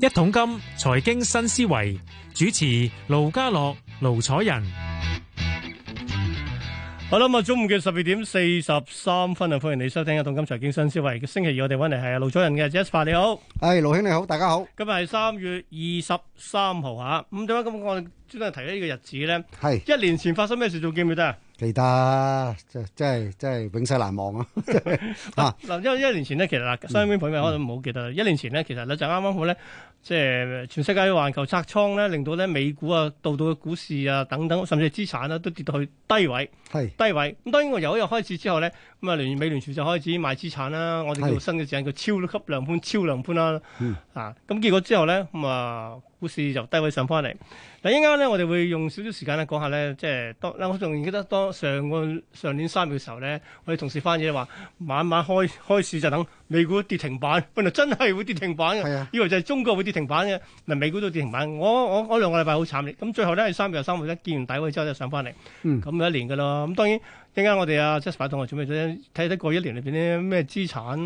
一桶金財經新思維主持盧家樂、盧楚仁，好啦，咁啊，中午嘅十二點四十三分啊，歡迎你收聽一桶金財經新思維。星期二我哋揾嚟係盧楚仁嘅 Jasper，你好，係，盧兄你好，大家好。今日係三月二十三號啊，咁點解咁我專登提起呢個日子咧？係是一年前發生咩事，仲記唔記得啊？記得，即即係即係永世難忘咯、啊。嗱，嗱，因為一年前咧，其實嗱，商品、嗯、品味我都唔好記得啦。嗯、一年前咧，其實你就啱啱好咧。即係全世界嘅環球拆倉咧，令到咧美股啊、度度嘅股市啊等等，甚至資產啊都跌到去低位。係是低位。咁當然我由一日開始之後咧，咁啊聯美聯儲就開始賣資產啦。我哋到新嘅時間叫超級量寬、超量寬啦。是啊，咁結果之後咧，咁啊股市就低位上翻嚟。嗱，依家咧我哋會用少少時間咧講下咧，即係當我仲記得當上個上年三月嘅時候咧，我哋同事翻嘢話，晚晚開開市就等美股跌停板，原來真係會跌停板的以為就係中國會跌。停板嘅。嗱，美股都跌停板，我我我兩個禮拜好慘烈，咁最後咧三月、三號咧見完底之後就上翻嚟，咁、嗯、一年㗎喇，咁當然。陣間我哋啊，Jasper 同學準備咗睇得過一年裏邊啲咩資產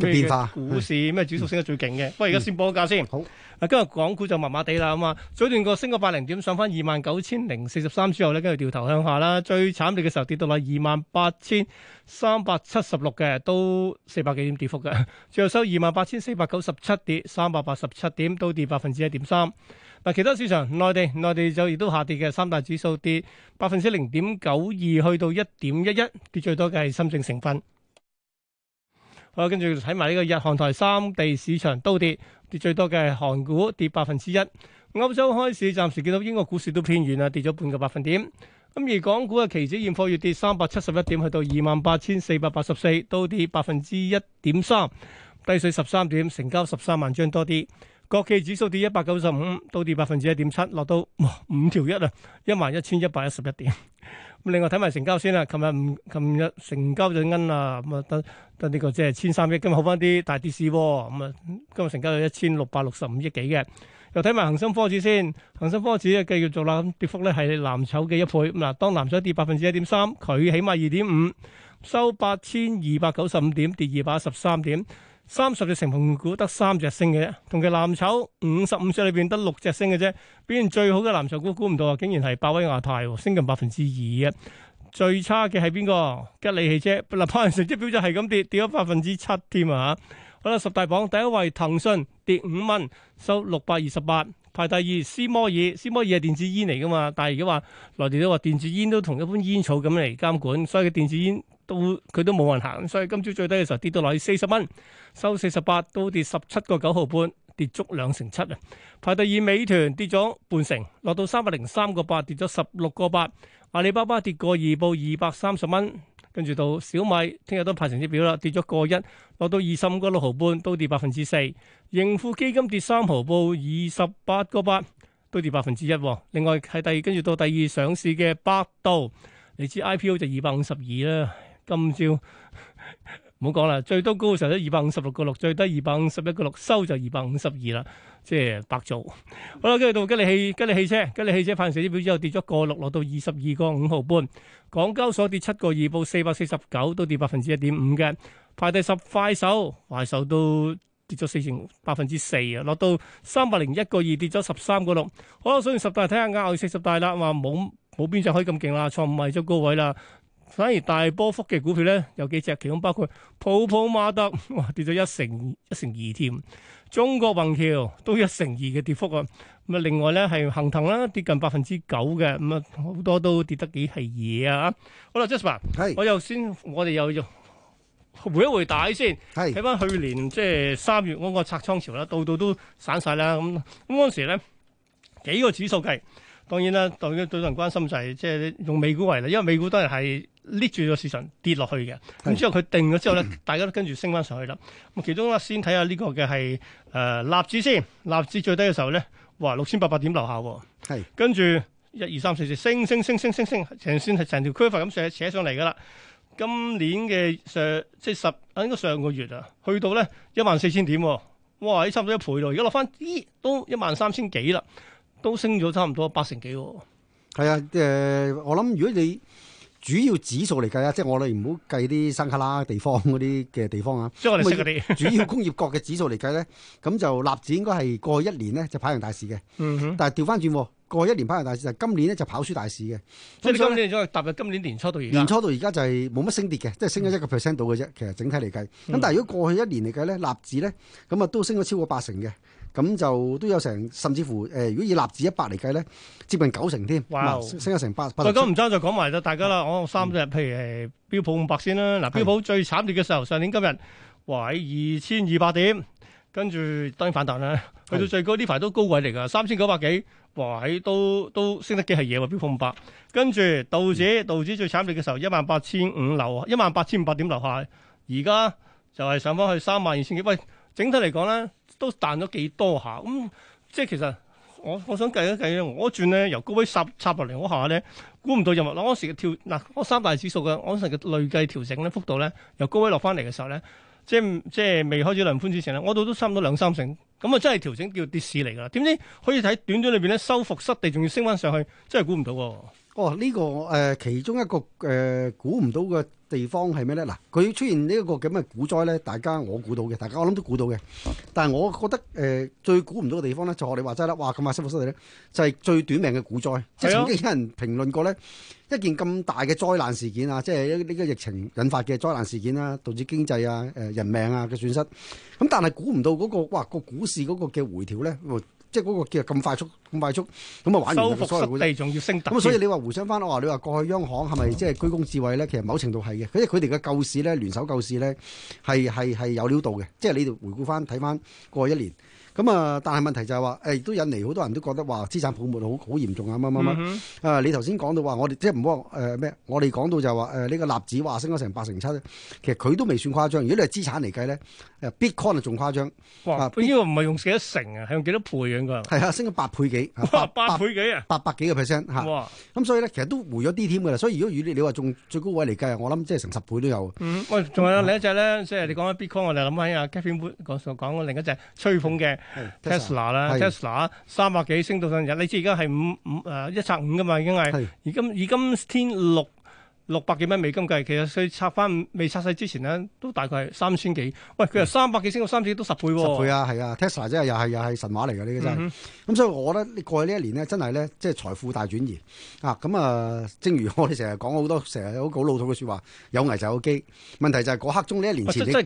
嘅變化、股市咩指數升得最勁嘅？嗯、不過而家先報個價先、嗯。好。嗱、啊，今日港股就麻麻地啦，咁啊，早段個升個八零點，上翻二萬九千零四十三之後咧，跟住掉頭向下啦。最慘跌嘅時候跌到喇二萬八千三百七十六嘅，都四百幾點跌幅㗎。最後收二萬八千四百九十七跌，三百八十七點，都跌百分之一點三。嗱，其他市場，內地內地就亦都下跌嘅，三大指數跌百分之零點九二，去到一點一一，跌最多嘅係深證成分。好，跟住睇埋呢個日韓台三地市場都跌，跌最多嘅係韓股跌百分之一。歐洲開市，暫時見到英國股市都偏軟啦，跌咗半個百分點。咁而港股嘅期指現貨月跌三百七十一點，去到二萬八千四百八十四，都跌百分之一點三，低水十三點，成交十三萬張多啲。國企指數跌一百九十五，到跌百分之一點七，落到五條一啊，一萬一千一百一十一點。咁 另外睇埋成交先啦，琴日琴日成交就奀啦，咁啊得得呢個即係千三億。今日好翻啲大跌市喎，咁啊今日成交有一千六百六十五億幾嘅。又睇埋恒生科指先，恒生科指啊繼續做落，跌幅咧係藍籌嘅一倍。咁嗱，當藍籌跌百分之一點三，佢起碼二點五，收八千二百九十五點，跌二百一十三點。三十隻成分股得三隻升嘅啫，同其藍籌五十五隻裏邊得六隻升嘅啫。表現最好嘅藍籌股估唔到啊，竟然係百威亞太，升近百分之二啊。最差嘅係邊個？吉利汽車。嗱，跑完成績表就係咁跌，跌咗百分之七添啊！好啦，十大榜第一位騰訊跌五蚊，收六百二十八。排第二思摩爾，思摩爾係電子煙嚟噶嘛？但係而家話內地都話電子煙都同一般煙草咁嚟監管，所以嘅電子煙。到佢都冇人行，所以今朝最低嘅時候跌到落去四十蚊，收四十八，都跌十七個九毫半，跌足兩成七啊！排第二美團跌咗半成，落到三百零三個八，跌咗十六個八。阿里巴巴跌過二報二百三十蚊，跟住到小米聽日都派成績表啦，跌咗個一，落到二十五個六毫半，都跌百分之四。盈富基金跌三毫報二十八個八，都跌百分之一。另外係第二，跟住到第二上市嘅百度，你知 IPO 就二百五十二啦。今朝唔好講啦，最多高嘅時候二百五十六個六，最低二百五十一個六，收就二百五十二啦，即係白做。好啦，跟住到吉利汽、吉利汽車、吉利汽車派完財報之後，跌咗個六，落到二十二個五毫半。港交所跌七個二，報四百四十九，都跌百分之一點五嘅。排第十快手，快手都跌咗四成百分之四啊，落到三百零一個二，跌咗十三個六。好啦，所以十大睇下呀，四十大啦，話冇冇邊隻可以咁勁啦，創唔係咗高位啦。反而大波幅嘅股票咧，有幾隻，其中包括泡泡瑪特哇，跌咗一成一成二添，中國宏橋都一成二嘅跌幅啊。咁啊，另外咧係恒騰啦，跌近百分之九嘅，咁啊好多都跌得幾係嘢啊！是好啦，Jasper，是我又先，我哋又用回一回帶先，係睇翻去年即係三月嗰個拆倉潮啦，到度都散晒啦。咁咁嗰陣時咧，幾個指數計。當然啦，當然最多人關心就係即係用美股為例，因為美股當然係 lift 住個市場跌落去嘅。咁之後佢定咗之後咧，大家都跟住升翻上去啦。咁其中咧先睇下呢個嘅係誒納指先，納指最低嘅時候咧，哇六千八百點樓下喎。係跟住一二三四四升升升升升升，升，成線係成條區塊咁扯扯上嚟㗎啦。今年嘅上，即係十應該上個月啊，去到咧一萬四千點，哇啲差唔多一倍到。而家落翻咦都一萬三千幾啦。都升咗差唔多八成幾、哦，係啊！誒、呃，我諗如果你主要指數嚟計啊，即係我哋唔好計啲山卡拉地方嗰啲嘅地方啊，即係我哋 主要工業國嘅指數嚟計咧，咁就納指應該係過去一年咧就跑贏大市嘅。嗯哼，但係掉返轉過去一年跑贏大市，今年咧就跑輸大市嘅。即係、嗯、哼今年再踏入今年年初到而年初到而家就係冇乜升跌嘅，嗯、即係升咗一個 percent 度嘅啫。其實整體嚟計，咁、嗯、但係如果過去一年嚟計咧，納指咧咁啊都升咗超過八成嘅。咁就都有成，甚至乎，誒、呃，如果以納指一百嚟計咧，接近九成添。哇，Wow, 升咗成八十八。我今唔爭就講埋就大家啦，啊、我三隻，譬如誒，標普五百先啦。嗱、嗯，標普最慘烈嘅時候，上年今日，哇，喺二千二百點，跟住當然反彈啦，的去到最高呢排都高位嚟噶，三千九百幾，哇，喺都都升得幾係嘢喎，標普五百。跟住道指，嗯、道指最慘烈嘅時候，一萬八千五樓，一萬八千五百點樓下，而家就係上返去三萬二千幾。喂，整體嚟講咧。都彈咗幾多下咁、嗯，即係其實我我想計一計咧，我一轉咧由高位插插落嚟嗰下咧，估唔到任何嗰時嘅跳嗱，嗰、啊、三大指數嘅嗰時嘅累計調整咧幅度咧，由高位落翻嚟嘅時候咧，即係即係未開始量寬之前咧，我度都差唔多兩三成，咁啊真係調整叫跌市嚟㗎啦。點知可以喺短短裏邊咧收復失地，仲要升翻上去，真係估唔到喎。哦，呢、這個誒、呃、其中一個誒、呃、估唔到嘅地方係咩咧？嗱、啊，佢出現呢一個咁嘅股災咧，大家我估到嘅，大家我諗都估到嘅。但係我覺得誒、呃、最估唔到嘅地方咧，就我哋話齋啦，哇咁啊，失唔失禮咧？就係、是、最短命嘅股災。啊、即曾經有人評論過咧，一件咁大嘅災難事件啊，即係呢個疫情引發嘅災難事件啊，導致經濟啊、誒人命啊嘅損失。咁但係估唔到嗰、那個哇個股市嗰個嘅回調咧。即係嗰個叫咁快速，咁快速，咁啊玩完就收地，仲要升。咁所以你話互相翻，我話你話過去央行係咪即係居功自偉咧？其實某程度係嘅，因為佢哋嘅救市咧，聯手救市咧，係係係有料到嘅。即係你哋回顧翻睇翻過去一年。咁啊，但係問題就係話，誒亦都引嚟好多人都覺得話資產泡沫好好嚴重啊！乜乜乜啊！你頭先講到話，我哋即係唔好話誒咩？我哋講到就係話誒呢個納指話升咗成八成七，其實佢都未算誇張。如果你係資產嚟計咧，誒、啊、Bitcoin 就仲誇張。呢個唔係用幾多成啊，係用幾多倍應該係啊，升咗八倍幾？八倍幾啊？八百幾個 percent 嚇！咁、嗯、所以咧，其實都回咗啲添㗎啦。所以如果與你你話仲最高位嚟計，我諗即係成十倍都有。喂、嗯，仲有另一隻咧，嗯、即係你講緊 Bitcoin，我哋諗喺啊 Kevin 講講另一隻吹捧嘅。Tesla 啦，Tesla 三百幾升到上日，你知而家係五五誒一七五㗎嘛，已經係而是今而今天六。六百幾蚊美金計，其實佢拆翻未拆曬之前咧，都大概係三千幾。喂，佢由三百幾升到三千幾都十倍喎。十、mm, 倍啊，係啊，Tesla 啫，又係又係神話嚟㗎呢個真。咁 U、mm, 啊、所以我覺得你過去呢一年咧，真係咧，即係財富大轉移啊。咁、哎、啊，正如我哋成日講好多，成日好老土嘅説話，有危就有機。問題就係嗰刻鐘呢一年前你你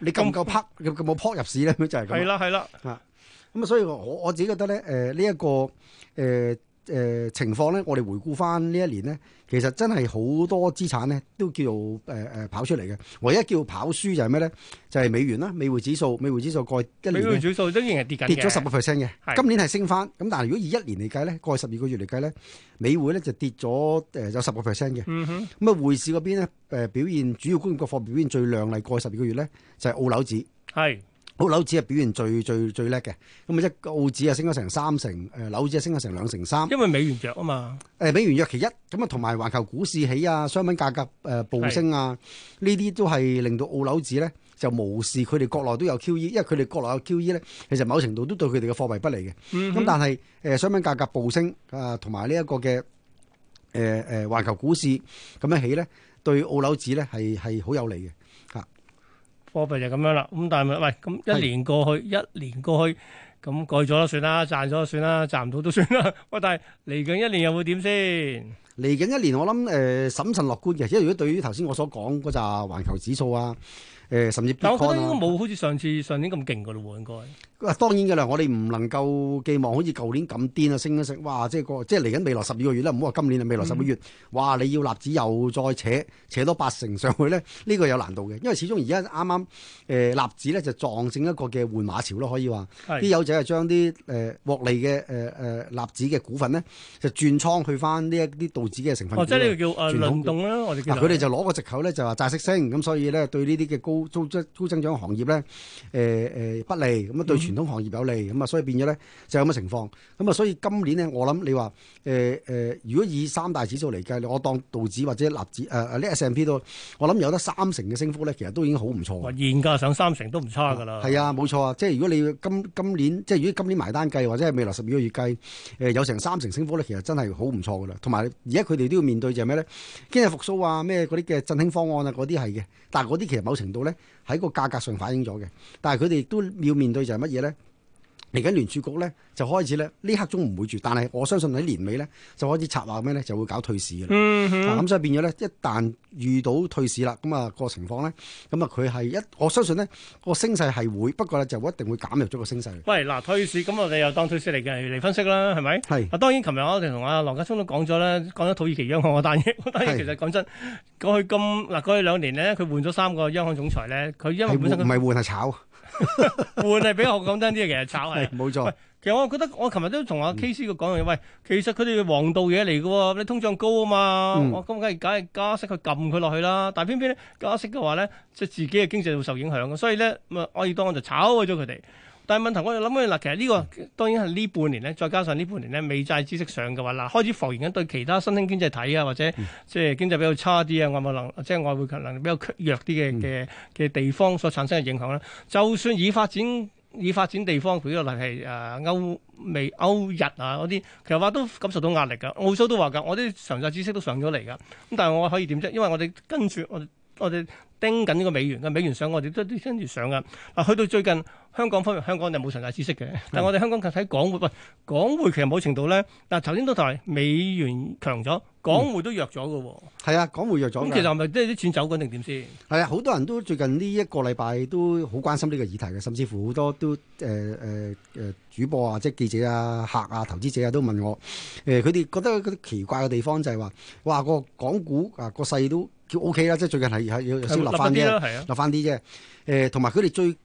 你夠唔夠刻？有冇撲入市咧？咁就係咁。係啦係啦啊。咁啊、right right right，是 uh, 所以我我自己覺得咧，誒、呃、呢一個誒、呃。誒、呃、情況咧，我哋回顧翻呢一年咧，其實真係好多資產咧都叫做誒誒跑出嚟嘅。唯一叫跑輸就係咩咧？就係、是、美元啦，美匯指數，美匯指數過一年，美匯指數都仍然係跌緊，跌咗十個 percent 嘅。嗯、哼今年係升翻，咁但係如果以一年嚟計咧，過去十二個月嚟計咧，美匯咧就跌咗誒有十個 percent 嘅。咁啊、嗯、哼匯市嗰邊咧誒、呃、表現主要工業國貨表現最亮麗，過去十二個月咧就係、是、澳樓指係。澳樓指係表現最最最叻嘅，咁啊，澳紙啊升咗成三成，誒樓指啊升咗成兩成三。因為美元弱啊嘛，誒、呃、美元弱其一，咁啊同埋環球股市起啊，商品價格誒、呃、暴升啊，是呢啲都係令到澳樓指咧就無視佢哋國內都有 QE，因為佢哋國內有 QE 咧，其實某程度都對佢哋嘅貨幣不利嘅。咁、嗯、哼但係誒、呃、商品價格暴升啊，同埋呢一個嘅誒誒環球股市咁樣起咧，對澳樓指咧係係好有利嘅。貨幣就咁樣啦，咁但係咪？喂，咁一年過去，是一年過去，咁過咗都算啦，賺咗都算啦，賺唔到都算啦。喂，但係嚟緊一年又會點先？嚟緊一年我諗誒、呃、審慎樂觀嘅，即係如果對於頭先我所講嗰陣環球指數啊。誒、呃，甚至但我覺得應該冇好似上次上年咁勁㗎咯喎，應該。當然嘅啦，我哋唔能夠寄望好似舊年咁癲啊，升一升，哇！即係個即係嚟緊未來十二個月咧，唔好話今年啊，未來十二月，嗯、哇！你要納指又再扯扯多八成上去咧，呢個有難度嘅，因為始終而家啱啱誒納指咧就撞正一個嘅換馬潮咯，可以話。啲友仔係將啲誒、呃、獲利嘅誒誒納指嘅股份咧，就轉倉去翻呢一啲道指嘅成分股。哦，即係、呃、呢個叫誒輪動啦，我哋佢哋就攞個藉口咧，就話債息升，咁所以咧對呢啲嘅高。高增增長行業咧，誒誒不利，咁啊對傳統行業有利，咁啊所以變咗咧就係咁嘅情況。咁啊，所以今年咧，我諗你話誒誒，如果以三大指數嚟計，我當道指或者納指誒誒呢 S&P 都，我諗有得三成嘅升幅咧，其實都已經好唔錯。哇！現價上三成都唔差噶啦。係啊，冇錯啊，即係如果你今今年即係如果今年埋單計，或者係未來十二個月計，誒、呃、有成三成升幅咧，其實真係好唔錯噶啦。同埋而家佢哋都要面對就係咩咧？經濟復甦啊，咩嗰啲嘅振興方案啊，嗰啲係嘅。但係嗰啲其實某程度咧。喺個價格上反映咗嘅，但係佢哋亦都要面對就係乜嘢咧？嚟緊聯儲局咧就開始咧呢刻鐘唔會住，但係我相信喺年尾咧就開始策劃咩咧，就會搞退市嘅。嗯哼，咁所以變咗咧，一旦遇到退市啦，咁啊個情況咧，咁啊佢係一我相信咧個升勢係會，不過咧就一定會減弱咗個升勢。喂，嗱，退市咁我哋又當退市嚟嘅嚟分析啦，係咪？係。啊，當然琴日我哋同阿羅家聰都講咗啦，講咗土耳其央行嗰單嘢，嗰單嘢其實講真。過去咁嗱，過去兩年咧，佢換咗三個央行總裁咧，佢因為本身佢唔係換係炒， 換係比較講真啲嘅，其實炒係冇 錯。其實我覺得我琴日都同阿 K 師佢講喂，其實佢哋黃道嘢嚟嘅喎，你通脹高啊嘛，咁梗係梗係加息佢撳佢落去啦。但偏偏加息嘅話咧，即係自己嘅經濟會受影響嘅，所以咧，咁啊，愛爾當就炒咗佢哋。但係問題，我哋諗起嗱，其實呢、這個當然係呢半年咧，再加上呢半年咧，美債孳息上嘅話，嗱，開始浮現緊對其他新興經濟體啊，或者、嗯、或者即係經濟比較差啲啊，外貿能即係外匯能力比較弱啲嘅嘅嘅地方所產生嘅影響啦。嗯、就算已發展已發展地方，譬如個例如係誒歐美歐日啊嗰啲，其實話都感受到壓力㗎。澳洲都話㗎，我啲長債孳息都上咗嚟㗎。咁但係我可以點啫？因為我哋跟住我。我哋盯緊呢個美元嘅美元上，我哋都跟住上嘅。嗱，去到最近香港方面，香港就冇重大消息嘅。嗯、但係我哋香港睇港匯，喂，港匯其實冇程度咧，嗱，頭先都提美元強咗，港匯都弱咗嘅喎。係、嗯、啊，港匯弱咗。咁、嗯、其實係咪即係啲錢走緊定點先？係啊，好多人都最近呢一個禮拜都好關心呢個議題嘅，甚至乎好多都誒誒誒主播啊、即係記者啊、客啊、投資者啊都問我。誒、呃，佢哋覺得嗰啲奇怪嘅地方就係話，哇，個港股啊個勢都～叫 O K 啦，即係、okay，最近係係要收落翻啲，落翻啲啫，誒、啊，同埋佢哋最。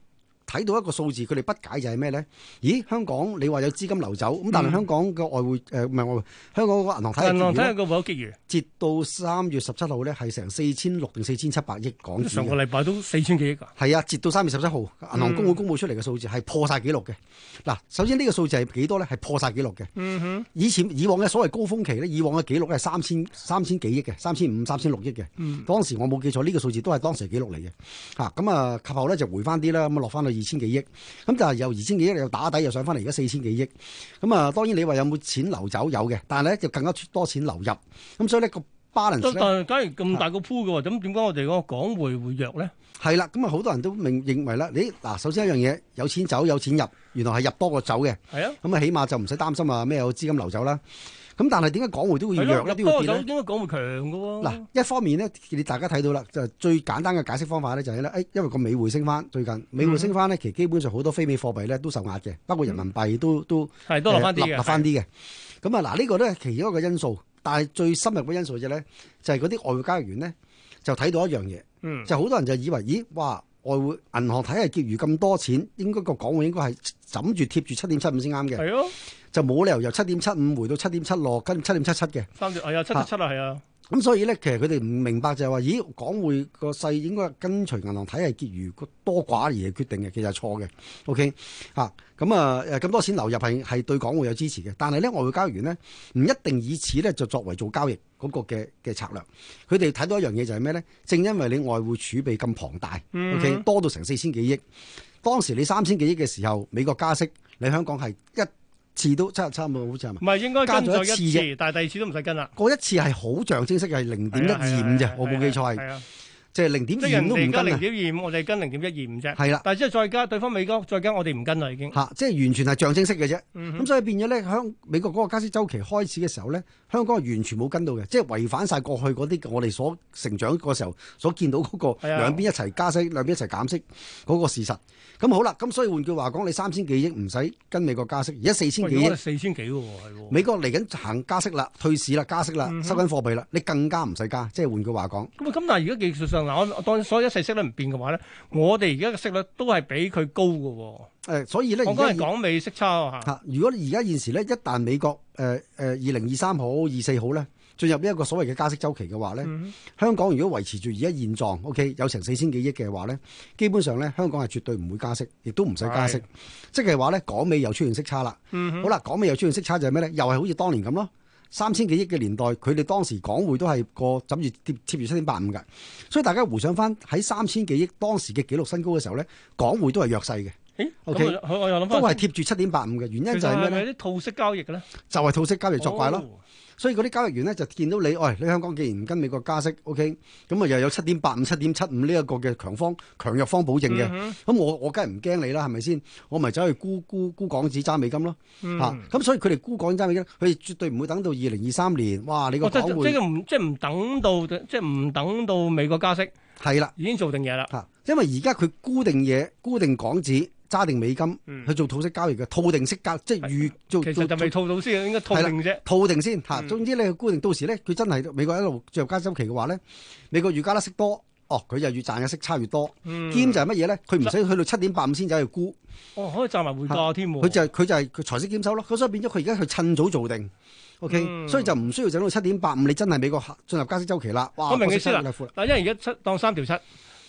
睇到一個數字，佢哋不解就係咩咧？咦，香港你話有資金流走咁，但係香港嘅外匯，誒唔係外匯，嗯哼呃、香港個銀行睇下個結餘。銀行睇下個保結餘。截到三月十七號咧，係成四千六定四千七百億港紙。上個禮拜都四千幾億㗎。係啊，截到三月十七號，銀行公會公佈出嚟嘅數字係破晒記錄嘅。嗱，首先呢個數字係幾多咧？係破晒記錄嘅。以前以往嘅所謂高峰期咧，以往嘅記錄係三千三千幾億嘅，三千五、三千六億嘅。嗯哼。當時我冇記錯，呢、呢個數字都係當時記錄嚟嘅。嚇，咁啊、呃，及後咧就回翻啲啦，咁啊落翻去。二千幾億，咁就係由二千幾億你又打底又上翻嚟，而家四千幾億，咁啊，當然你話有冇錢流走有嘅，但係咧就更加多錢流入，咁所以個呢個 balance 梗係咁大個鋪嘅話，咁點解我哋個港匯會弱咧？係啦，咁啊好多人都明認為啦，你嗱首先一樣嘢有錢走有錢入，原來係入多過走嘅，係啊的，咁啊起碼就唔使擔心啊咩有資金流走啦。咁但係點解港匯都會弱，都的會跌咧？點解港匯強嘅喎？嗱、啊，一方面咧，你大家睇到啦，就最簡單嘅解釋方法咧，就係咧，誒，因為個美匯升翻最近，美匯升翻咧，其實基本上好多非美貨幣咧都受壓嘅，包括人民幣都、嗯、都係多落翻啲嘅，落翻啲嘅。咁啊，嗱、這個，呢個咧，其中一個因素，但係最深入嘅因素啫咧，就係嗰啲外匯交易員咧，就睇到一樣嘢，嗯、就好多人就以為，咦，哇，外匯銀行睇係結餘咁多錢，應該個港匯應該係枕住貼住七點七五先啱嘅，係咯。就冇理由由七點七五回到七點七六跟七點七七嘅，三月、哎呀，係啊，七七七啦係啊。咁、嗯、所以咧，其實佢哋唔明白就係話，咦，港匯個勢應該跟隨銀行體系結餘多寡而決定嘅，其實係錯嘅。OK 啊，咁啊，咁多錢流入係係對港匯有支持嘅，但係咧外匯交易員呢，唔一定以此咧就作為做交易嗰個嘅嘅策略。佢哋睇到一樣嘢就係咩咧？正因為你外匯儲備咁龐大，OK 多到成四千幾億。當時你三千幾億嘅時候，美國加息，你香港係一。次都差差唔多，好似係咪？唔係，應該跟咗一次，嘅。但係第二次都唔使跟啦。嗰一次係好象徵式，係零點一二五啫，啊啊、我冇記錯係。即係零點一五都唔跟零點二五，我哋跟零點一二五啫。係啦，但係即係再加對方美國，再加我哋唔跟啦，已經。嚇、啊，即係完全係象徵式嘅啫。咁所以變咗咧，香美國嗰個加息周期開始嘅時候咧，香港係完全冇跟到嘅，即係違反晒過去嗰啲我哋所成長嗰時候所見到嗰個兩邊一齊加息、兩邊一齊減息嗰個事實。咁好啦，咁所以換句話講，你三千幾億唔使跟美國加息，而家四千幾億，四千幾喎，係喎。美國嚟緊行加息啦，退市啦，加息啦，嗯、哼 收緊貨幣啦，你更加唔使加。即係換句話講。咁啊，咁但係而家技術上。嗱，我當所有一切息率唔變嘅話咧，我哋而家嘅息率都係比佢高嘅喎、呃。所以咧，我講係港美息差嚇。如果而家現時咧，一旦美國誒誒二零二三好、二四好咧，進入呢一個所謂嘅加息周期嘅話咧，嗯、哼香港如果維持住而家現狀，OK, 有成四千幾億嘅話咧，基本上咧，香港係絕對唔會加息，亦都唔使加息。即係話咧，港美又出現息差啦。嗯、哼好啦，港美又出現息差就係咩咧？又係好似當年咁咯。三千幾億嘅年代，佢哋當時港匯都係個枕住貼貼住七點八五嘅，所以大家回想翻喺三千幾億當時嘅紀錄新高嘅時候咧，港匯都係弱勢嘅，咁咦 Okay? 我我又諗都係貼住七點八五嘅原因就係咩咧？其實係咪啲套息交易嘅咧？就係套息交易作怪咯。哦所以嗰啲交易員咧就見到你，喂、哎，你香港既然唔跟美國加息，OK，咁啊又有七點八五、七點七五呢一個嘅強方、強弱方保證嘅，咁、嗯、哼我我梗係唔驚你啦，係咪先？我咪走去沽沽沽港紙揸美金咯，嚇、啊！咁、嗯、所以佢哋沽港揸美金，佢哋絕對唔會等到二零二三年，哇！你個保、哦、即係唔等到即係唔等到美國加息係啦，的已經做定嘢啦、啊，因為而家佢沽定嘢，沽定港紙。揸定美金去做土套息交易嘅套定息價，即係預做做。其實就未套到先，應該套定啫。套定先吓，嗯、總之咧，固定到時咧，佢真係美國一路進入加息周期嘅話咧，美國越加得息多，哦，佢又越賺嘅息差越多。兼、嗯、就係乜嘢咧？佢唔使去到七點八五先走去估。哦、嗯，可以賺埋回加添。佢就佢、是、就係佢財息兼收咯。咁所以變咗佢而家去趁早做定。嗯、o、okay? K，所以就唔需要等到七點八五，你真係美國進入加息周期啦。我明意思啦，嗱，因為而家七當三條七。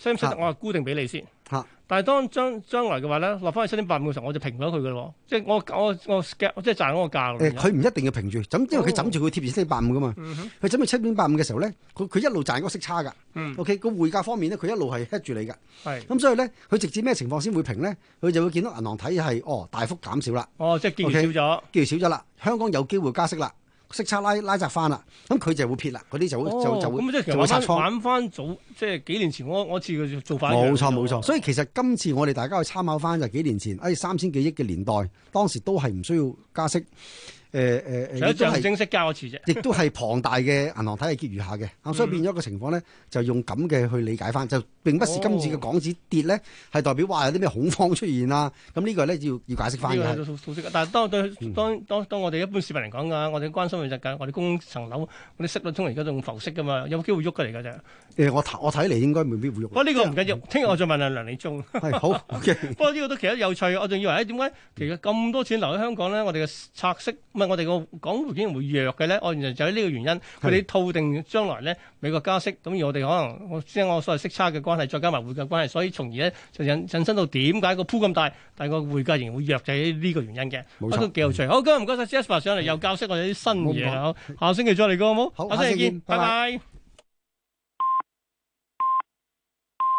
七點我話固定俾你先吓。啊啊、但係當將將來嘅話咧，落翻去七點八五嘅時候，我就平咗佢噶咯。即係我我我，我，我即係賺嗰個價。佢唔、欸、一定要平住，咁因為佢枕住佢貼住七點八五噶嘛。佢枕住七點八五嘅時候咧，佢佢一路賺嗰個息差噶。OK，個匯價方面咧，佢一路係吃住你噶。係咁的，所以咧，佢直至咩情況先會平咧？佢就會見到銀行體系哦大幅減少啦。哦，哦即係見少咗，見少咗啦。香港有機會加息啦。息差拉拉窄翻啦，咁佢就會撇啦，嗰啲就會就、哦、就會即其實就會拆倉。反翻早即係幾年前我，我次似佢做反，冇錯冇錯，所以其實今次我哋大家去參考翻就係幾年前，誒三千幾億嘅年代，當時都係唔需要加息。呃呃、正、正式交亦 都係亦都係龐大嘅銀行體系結餘下嘅，咁、嗯、所以變咗個情況咧，就用咁嘅去理解翻，就並不是今次嘅港紙跌咧，係代表哇有啲咩恐慌出現啊！咁呢個咧要要解釋翻，但係當對、嗯、當當當我哋一般市民嚟講嘅，我哋關心嘅就係、是、我哋供層樓，我哋息率通嚟而家仲浮息噶嘛，有機會喐嘅嚟㗎啫。誒，我睇我睇嚟應該未必會用。不過呢個唔緊要，聽日我再問下梁理忠。係好，OK。不過呢個都其實有趣，我仲以為咧點解其實咁多錢留喺香港咧，我哋嘅拆息唔係我哋嘅港匯竟然會弱嘅咧？哦，原來就喺呢個原因，佢哋套定將來咧美國加息，咁而我哋可能我即係我所謂息差嘅關係，再加埋匯價關係，所以從而咧就引引申到點解個鋪咁大，但係個匯價仍然會弱，就喺呢個原因嘅。冇錯，都幾有趣。好，今日唔該曬，Jasper 上嚟又教識我哋啲新嘢。好，下星期再嚟過好冇？好，下星期見，拜拜。